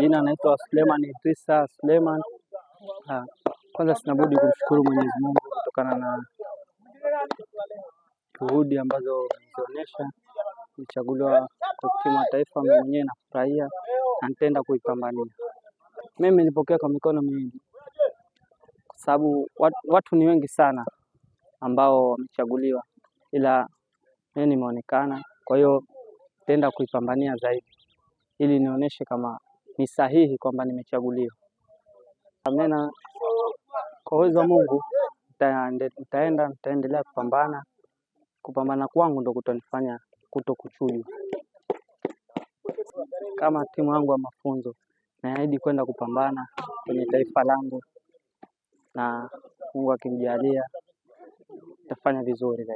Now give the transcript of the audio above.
Jina naitwa Suleiman Idrisa Suleiman. Kwanza sinabudi kumshukuru Mwenyezi Mungu kutokana na juhudi ambazo zionyesha kuchaguliwa kwa timu ya taifa. Mimi mwenyewe nafurahia na nitaenda kuipambania. Mimi nilipokea kwa mikono miwili, kwa sababu watu ni wengi sana ambao wamechaguliwa, ila mimi nimeonekana. Kwa hiyo nitaenda kuipambania zaidi ili nionyeshe kama ni sahihi kwamba nimechaguliwa. Amena, kwa uwezo wa Mungu nitaenda, nitaendelea kupambana. Kupambana kwangu ndo kutonifanya kuto kuchujwa. Kama timu yangu ya mafunzo, naahidi kwenda kupambana kwenye taifa langu, na Mungu akimjalia nitafanya vizuri zaidi.